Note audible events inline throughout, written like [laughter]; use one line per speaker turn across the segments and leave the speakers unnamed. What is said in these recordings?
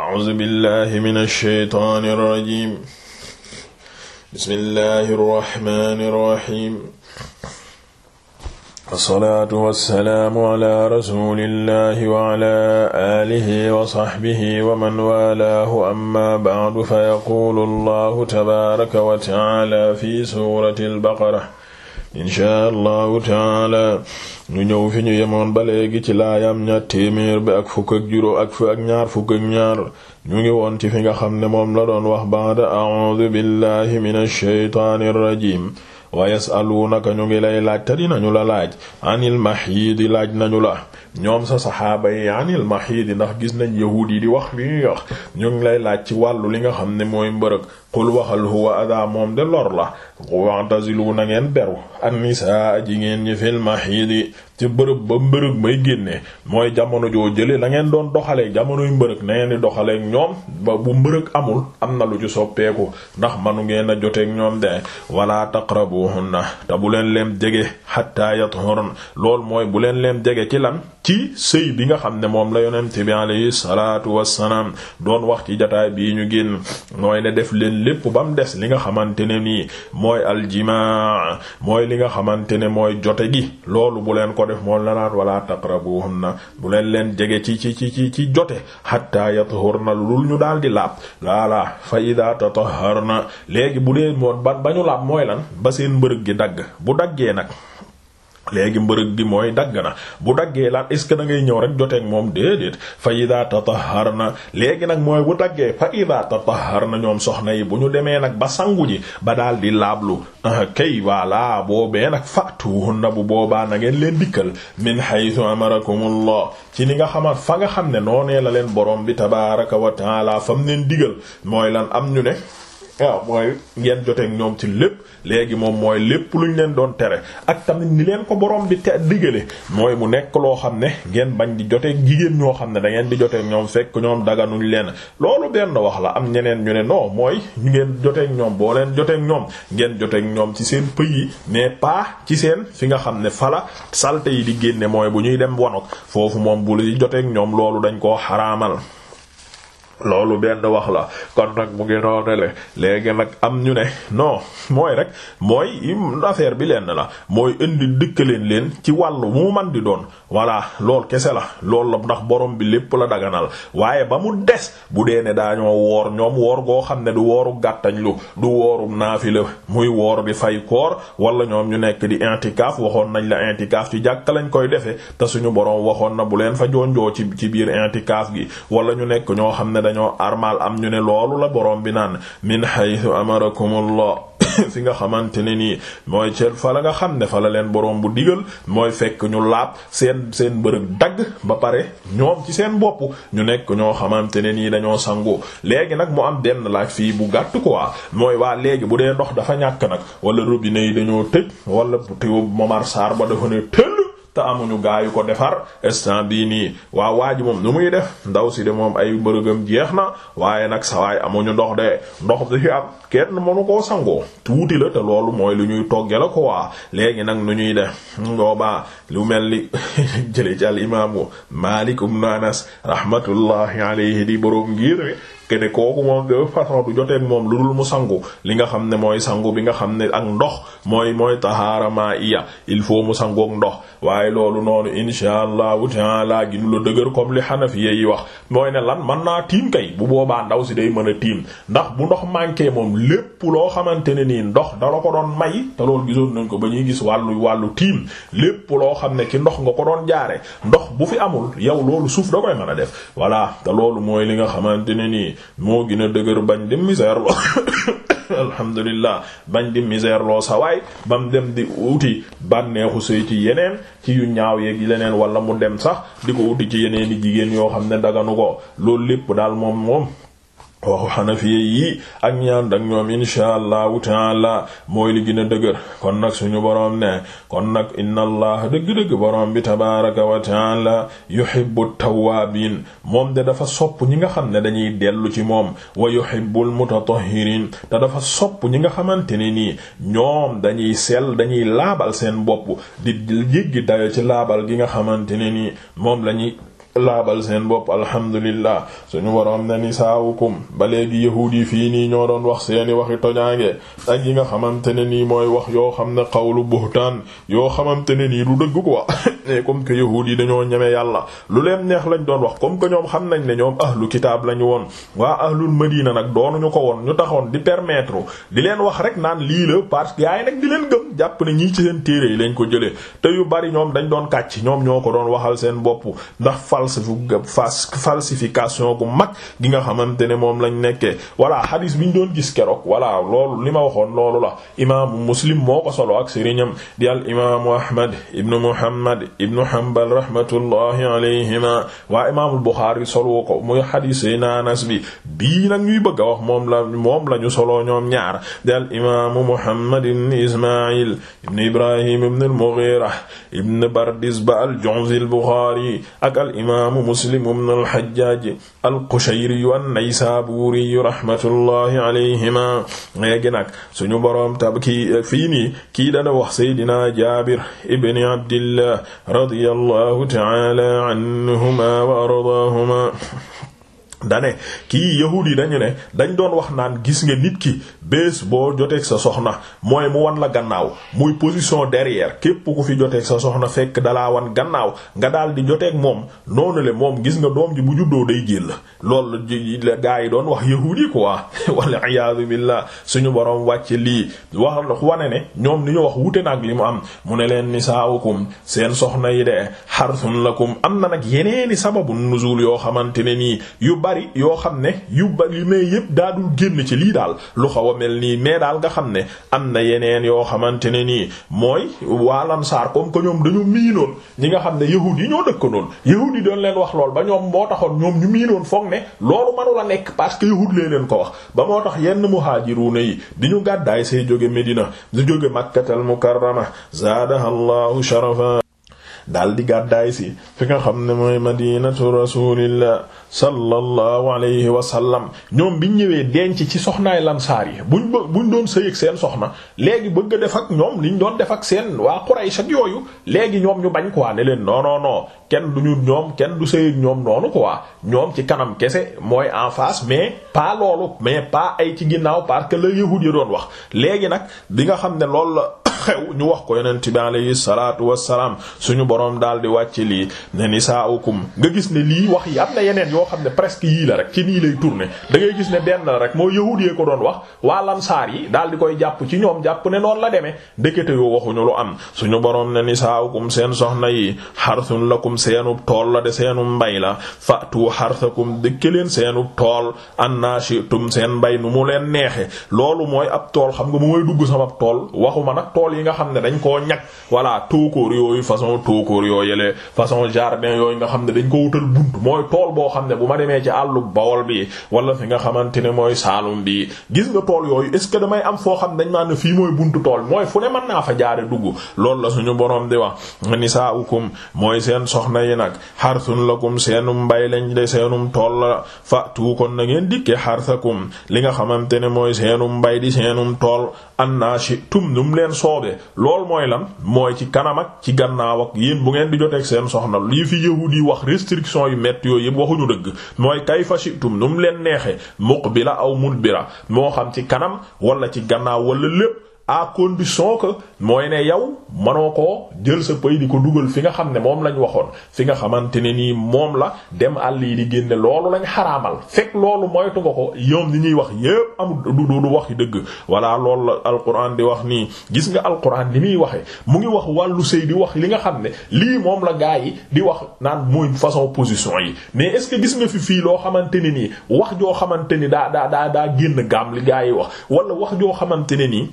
a'uuzu billahi mina shaytaani rajiim bismillahi rahmaani rahiim wassalaatu wassalaamu ala rasuulillahi wa ala aalihi wa sahbihi wa man waalaahu amma ba'du fa yaquulu allahu tabaaraka wa ta'aala fi suurati al-baqara inshaa allahu taala ñu ñëw fi ñu yemoon ba léegi ci laayam ñaar téeméer bi ak fukk ak juróom ak fu ak ñaar fukk ak ñaar ñu ngi woon ci fi nga xam ne moom la doon wax baada a'uudu billahi minash shaytaanir rajiim wa yasaluunaka ñu ngi lay laaj te dinañu la laaj anil di laaj nañu la ñoom sa saxaaba yi anil di ndax gis nañ yahuud yi di wax li ñuy wax ñu ngi lay laaj ci wàllu li nga xam ne mooy mbërëg qul waxal huwa adaa moom de lor la wa'tazilu na ngeen beru an-nisaa ji ngeen ñi fil di ci bërëb ba mbërëg may génne mooy jamono joo jële la ngeen doon doxalee jamonoy mbërëg na ngeen di doxaleek ñoom ba bu mbërëg amul am na lu ci soppeeku ndax manu ngeen a joteek ñoom de wala taqrabuhunna te bu leen leen jege hatta loolu mooy bu leen leen jege ci lan ci sëy bi nga xam ne moom la yonent bi alayhi salaatu wassalaam doon wax ci jataay bii ñu génn mooy ne def leen lépp ba mu des li nga xamante ne nii mooy aljimaa mooy li nga xamante ne mooy jote gi loolu bu leen ko def moom la naan wala taqrabuhunna bu leen leen jege ci ci ci ci jote hatta yathurna lul ñu daal di laab laalaa fa ida tatahharna léegi bu leen moon ba ba ñu laab mooy lan ba seen mbërëg gi dagg bu daggee nag léegi mbërëg gi mooy dagg na bu daggee laan est na que ngay ñëw rek joteek moom déedéet fa ida tatahharna léegi nag mooy bu daggee fa ida tatahharna ñoom soxna yi bu ñu demee nag ba sangu ji ba daal di laablu ah, kay wala boobee nag na bu boobaa na ngeen leen dikkal min haythu amarakumullah ci li nga xamat fa nga xam ne noonee la leen borom bi tabaraka wa taala fam neen digal mooy lan am ñu ne waaw mooy ngeen joteek ñoom ci lépp léegi moom mooy lépp lu luñ leen doon tere ak tamit ni leen ko borom bi te digale mooy mu nekk loo xam ne ngeen bañ di joteek jigéen ñoo xam ne da ngeen di joteek ñoom fekk ñoom daganuñ leen loolu benn wax la am ñeneen ñu ne non mooy ñu ngeen joteek ñoom boo leen joteek ñoom ngeen joteek ñoom ci seen pëy yi mais pas ci seen fi nga xam ne fala salte yi di génne mooy bu ñuy dem wanok foofu moom bu li joteek ñoom loolu dañ koo xaraamal loolu benn wax la kon nag mu ngi noonu le léegi nag am ñu ne non mooy rek mooy affaire bi lenn la mooy indi dëkkaleen leen ci wàllu mu man di doon voilà lool kese la loolu la ndax boroom bi lépp la daganal waaye ba mu des bu dee ne daañoo woor ñoom woor goo xam ne du wooru gàttañ lu du wooru naafila muy woor di fay koor wala ñoom ñu nekk di intikaaf waxoon nañ la intikaaf ci jàkk lañ koy defee te suñu borom waxoon na bu leen fa jonjoo ci biir intikaaf gi wala dañoo armal am ñu ne loolu la boroom bi naan min haythu amarakumullah [coughs] fi nga xamante ne nii mooy cër fa la nga xam ne fa la leen boroom bu digal mooy fekk ñu laab seen seen bërëg dagg ba pare ñoom ci seen bopp ñu nekk ñoo xamante ne nii dañoo sangu léegi nag mu am benn laaj fii bu gàtt quoi mooy waa léegi bu dee ndox dafa ñàkk nag wala robinet yi dañoo tëj wala bu Momar Sarr ba dafa ne tël te amuñu gaayu ko defar instant bii nii waaw waa ji moom nu muy def ndaw si de moom ay bërëgëm jeex na waaye nag sawaay amuñu ndox de ndox bi fi am kenn mënu koo sangoo tuuti la te loolu mooy lu ñuy togge la ko waa léegi nag nu ñuy def boobaa lu mel ni [laughs] jële ci al imaamu Maalik ibn Anas rahmatullahi alayhi di boroom ngir kene kooku moom moom lu dul mu sangu li nga xam ne mooy sangu bi nga xam ne ak ndox mooy mooy tahaara ma il faut mu sangook ndox waaye loolu noonu insha allahu taala gi lu la dëgër comme li xanafiya yi wax mooy ne lan man naa tiim kay bu boobaa ndaw si day mën a tiim ndax bu ndox manqué moom lépp loo xamante ne nii ndox dala ko doon may te loolu gisoon nañ ko ba ñuy gis wàllu wàllu tiim lépp loo xam ne ki ndox nga ko doon jaare ndox bu fi amul yow loolu suuf da koy mën a def voilà te loolu mooy li nga xamante ne nii moo gën a dëgër bañ di misère [laughs] alhamdulillah bañ di misère loo sa waay ba mu dem di uti bànneexu sëy ci yeneen ci yu ñaaw yeeg yi leneen wala mu dem sax di ko uti ci yeneen i jigéen yoo xam ne daganu ko loolu lépp daal moom moom waxu xanafiye yii ak ñaan dak ñoom insha allahu taala mooy li gën a dëgër kon nag suñu boroom ne kon nag inna allah dëgg-dëgg boroom bi tabaraka wa taala yuhibbu tawwaabiin moom de dafa sopp ñi nga xam ne dañuy dellu ci moom wa yuhibbul mutatahhirin te dafa sopp ñi nga xamante ne nii ñoom dañuy sel dañuy laabal seen bopp di jéggi dayo ci laabal gi nga xamante ne nii moom lañuy laabal seen bopp alhamdulillah suñu waroom ne nisaawukum ba léegi yahuud yi fii nii ñoo doon wax seeni waxi toñaange ak yi nga xamante ne nii mooy wax yoo xam ne xawlu buhtaan yoo xamante ne nii du dëgg quoi [laughs] mais comme que yahuud yi dañoo ñeme yàlla lu leen neex lañ doon wax comme que ñoom xam nañ ne ñoom ahlu kitaab lañu woon waa ahlul madina nag doonuñu ko woon ñu taxoon di permettre di leen wax rek naan lii la parce que yaay nag di leen gëm jàpp ne ci seen téere lañ ko jëlee te yu bari ñoom dañ doon kàcc ñoom ñoo ko doon waxal seen bopp falsification gu mag gi nga xamante ne moom lañ nekkee voilà hadis bi ñu doon gis keroog voilà li ma waxoon loolu la imaamu muslim moo ko solo ak sëriñam di al imaamu ahmad ibnu muhammad ibnu hanbal rahmatullahi alayhima waa imaamul buxaari ma ko muy hadis sayna anas bi bii nag ñuy bëgg a wax moom la moom la ñu solo ñoom ñaar di al imaamu muhammad ibnu ismail ibnu ibrahim ibnu al mughira ibnu al junzi al buxaari ak imaamu muslim ibn al-Hajjaj al-Qushayri an-Naysaburi rahmatullahi alayhima léegi nag suñu boroom tab kii fii nii kii dana wax saydina Jaabir ibn Abdillah radiyallahu ta'ala anhuma wa ardaahuma dane kii yahud yi dañu ne dañ doon wax naan gis nga nit ki bés boo joteeg sa soxna mooy mu wan la gannaaw muy position derrière képp ku fi joteeg sa soxna fekk dalaa wan gannaaw nga daal di joteek moom noonu le moom gis nga doom ji bu juddoo day jël lool la ji gaa yi doon wax yahud yi quoi [laughs] wal iyaadu billah suñu borom wàcce lii wax wane ne ñoom ni ñu wax wute nag li mu am mu ne leen nisaa'ukum seen soxna yi de harsun lakum am na nag ye sababu nuzul yoo xamante ne nii yu bari yoo xam ne yu bari mais yëpp daa dul génn ci lii daal lu xaw a mel nii mais daal nga xam ne am na yeneen yoo xamante ne nii mooy waa Ansaar comme que ñoom dañu miinoon ñi nga xam ne yahuud yi ñoo dëkkanoon yahuud yi doon leen wax lool ba ñoom moo taxoon ñoom ñu miinoon foog ne loolu manu la nekk parce que yahuud lee leen ko wax ba moo tax yenn muhaajiruuna yi di ñu gàddaay say jóge Medina di jóge Makkatal Mukarrama zaadahallahu sharafa daal di gàddaay si fi nga xam ne mooy madinatu rasulillah sallallahu alayhi wa sallam ñoom biñ ñëwee denc ci soxnaay lamsaar yi buñ buñ doon sëyeeg seen soxna léegi bëgg a def ak ñoom li ñu doon def ak seen waa Quraysh ak yooyu léegi ñoom ñu bañ ko quoi ne leen non non kenn du ñu ñoom kenn du sëyeeg ñoom noonu quoi ñoom ci kanam kese mooy en face mais pas loolu mais pas ay ci ginnaaw parce que la yahud yi doon wax léegi nag bi nga xam ne loolu la xew ñu wax ko yonent bi alayhi salaatu wassalaam suñu boroom daal di wàcc lii ne nisaa'ukum nga gis ne lii wax yi am na yeneen yoo xam ne presque yii la rek ci nii lay tourner da ngay gis ne benn la rek moo yahuud yee ko doon wax waa lamsaar yi daal di koy jàpp ci ñoom jàpp ne noonu la demee ndekete yoo waxuñu lu am suñu boroom ne nisaa'ukum seen soxna yi harthun lakum seenub tool la de seenum mbay la fa'tu harthakum dëkke leen seenub tool anna shi'tum seen mbay nu mu leen neexe loolu mooy ab tool xam nga mu mooy dugg sama tool waxuma nag tool tool yi nga xam ne dañ koo ñag voilà tóokóor yooyu façon tóokóor yoo yële façon jardin yooyu nga xam ne dañ ko wutal buntu mooy tool boo xam ne bu ma demee ci àllu bawol bi wala fi nga xamante ne mooy saalum ce que damay am foo xam ne dañ maa ne fii mooy buntu tool mooy fu ne mën naa fa jaare dugg loolu la suñu borom di wax mooy seen soxna yi nag harsun lakum seenum mbay lañ de seenum tool la fatu kon na ngeen dikkee harsakum li nga xamante ne mooy seenum mbay di seenum tool num leen soob boobee loolu mooy lan mooy ci kanam ak ci gannaaw ak yéen bu ngeen di joteeg seen soxna lii fi yahuud yi wax restriction yu métti yooyu yëpp waxuñu dëgg mooy kayfa shi'tum nu mu leen neexee bi la aw mudbira moo xam ci kanam wala ci gannaaw wala lépp. à condition ko mooy ne yow manoo ko jël sa pay di ko dugal fi nga xam ne moom lañ waxoon fi nga xamante ne nii moom la dem àll yi di génne loolu lañ xaraamal fekk loolu moytu nga ko yoom ni ñuy wax yépp amul du du wax dëgg walla loolu la alquran di wax nii gis nga alquran ni muy waxee mu ngi wax wàllu sëy di wax li nga xam ne lii moom la gaa yi di wax naan mooy façon position yi mais est-ce que gis nga fi fii loo xamante ni nii wax joo xamante ni daa daa daa daa génn gaam li gaa wax wala wax joo xamante ne nii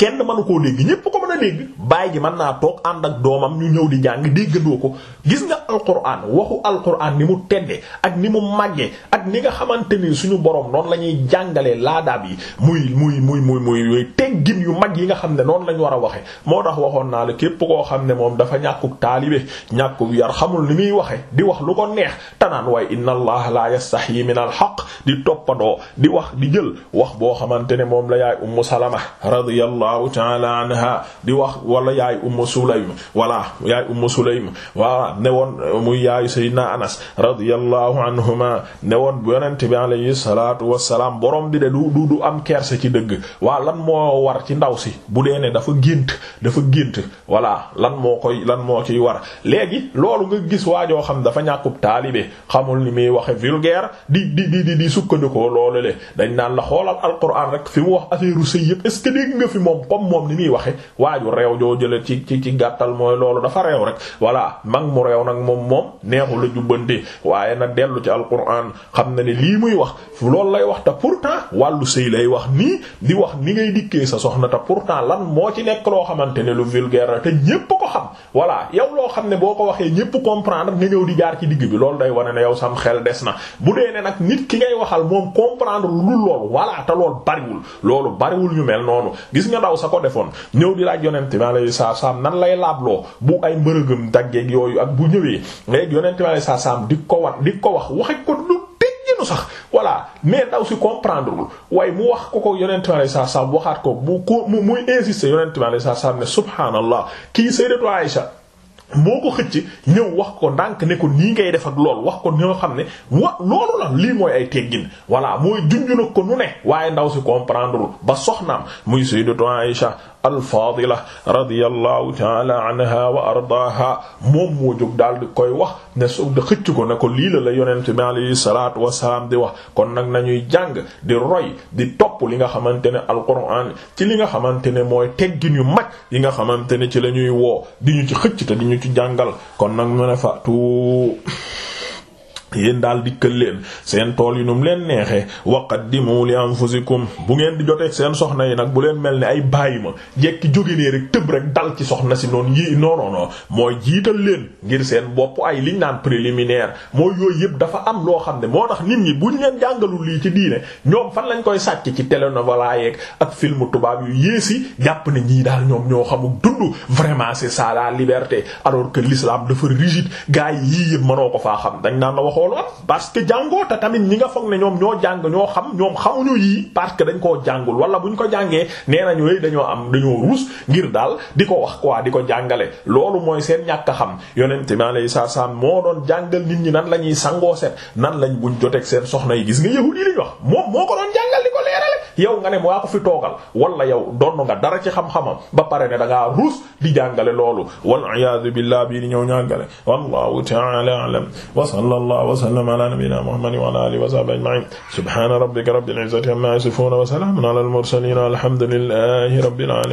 kenn mënu koo dégg ñépp ko mën a dégg baay ji man naa toog ànd ak doomam ñu ñëw di jàng déggandoo ko gis nga alquran waxu alquran ni mu tedde ak ni mu màggee ak ni nga xamante ni suñu borom noonu la ñuy jàngalee laadaab yi muy muy muy muy muy teggin yu mag yi nga xam ne noonu la war a waxe moo tax waxoon naa la képp koo xam ne moom dafa ñàkkuk taalibe ñàkkuk yar xamul ni muy waxe di wax lu ko neex tanaan waaye inna allaha la yastaxyi min al xaq di toppadoo di wax di jël wax boo xamante ne moom la yaay di wax wala yaay ummu sulaym wala yaay ummu sulaym wala ne woon muy yaay sayyidina anas radiyallahu anhuma ne woon yonent bi alayhi salatu wasalaam boroom bi de du du du am kerse ci dëgg waa lan moo war ci ndaw si bu dee ne dafa gént dafa gént wala lan moo koy lan moo ciy war léegi loolu nga gis waajoo xam dafa ñàkkub taalibe xamul ni muy waxe vulgaire di di di di sukkandikoo loolu le dañ naan la xoolal alquran rek fi mu wax affaire sëy yëpp est ce que nga fi moom comme moom muy waxe waaju reew joo jële ci ci gàttal mooy loolu dafa reew rek voilà mag mu reew nag moom moom neexu la jubbante waaye nag dellu ci alquran xam na ne lii muy wax loolu lay wax te pourtant wàllu sëy lay wax nii di wax ni ngay dikkee sa soxna te pourtant lan moo ci nekk loo xamante ne lu vulgaire te ñépp ko xam voilà yow loo xam ne boo ko waxee ñépp comprendre nga ñëw di jaar ci digg bi loolu day wane ne yow sam xel des na bu dee ne nag nit ki ngay waxal moom comprendre lu loolu voilà te loolu bariwul loolu bariwul ñu noonu gis nga laaj yonente bi alayhi salaam nan lay laabloo bu ay mbërëgëm daggeeg yooyu ak bu ñëwee léegi yonente bi alayhi salaam di ko wat di ko wax waxe ko lu tëjjinu sax voilà mais ndaw si comprendre wul waaye mu wax ko ko yonente bi alayhi salaam waxaat ko bu ko muy insister yonente bi alayhi salaam ne subhaanallah kii sayyidatu Aisha moo ko xëcc ñëw wax ko ndànk ne ko nii ngay def ak lool wax ko ñoo xam ne wa loolu la lii mooy ay teggin voilà mooy junjuna ko nu ne waaye ndaw si comprendre ba soxnaam muy Sayyidatu Aïcha al-Faadila radiyallahu ta'ala anha wa ardaaha moom moo jóg daal di koy wax ne su de xëcc ko ne ko lii la la yonent bi alayhi salaatu wa di wax kon nag nañuy jàng di roy di topp li nga xamante ne alquran ci li nga xamante ne mooy teggin yu mag yi nga xamante ne ci la ñuy woo di ñu ci xëcc te di ñu ci jàngal kon nag mu ne faatu yéen daal dikkal leen seen tool yi num leen neexe waqaddimu li anfusikum bu ngeen di joteeg seen soxna yi nag bu leen mel ni ay bàyyi ma jekki jóge nee rek tëb rek dal ci soxna si noonu yi non non non mooy jiital leen ngir seen bopp ay liñ naan préliminaire mooy yooyu yëpp dafa am loo xam ne moo tax nit ñi buñ leen jàngalul lii ci diine ñoom fan lañ koy sàcc ci télénovela yeeg ak film tubaab yu yéesi jàpp ne ñii daal ñoom ñoo xamul dund vraiment c'est ça la liberté loolu am parce que jàngoo te tamit ñi nga foog na ñoom ñoo jàng ñoo xam ñoom xamuñu yii parce que dañ koo jàngul wala buñ ko jàngee nee nañu yooyu dañoo am dañoo ruus ngir daal di ko wax quoi di ko jàngale loolu mooy seen ñàkk a xam yonent mi saa salaam moo doon jàngal nit ñi nan la ñuy sangoo set nan lañ buñ joteeg seen soxna yi gis nga yahudi yi li wax moom moo ko doon jàngal di ko leerale yow nga ne maa ko fi toogal wala yow donn nga dara ci xam-xamam ba pare ne da ngaa ruus di jàngale loolu wal iyaadu billaah bii di ñëw jàngale wallahu ta'ala a'lam wa sallallahu wa sallama ala nabiyyina muhammadin wa ala alihi wa sahbihi ajma'in subhana rabbika rabbil izzati amma yasifun wa salamun ala al mursalin alhamdulillahi rabbil alamin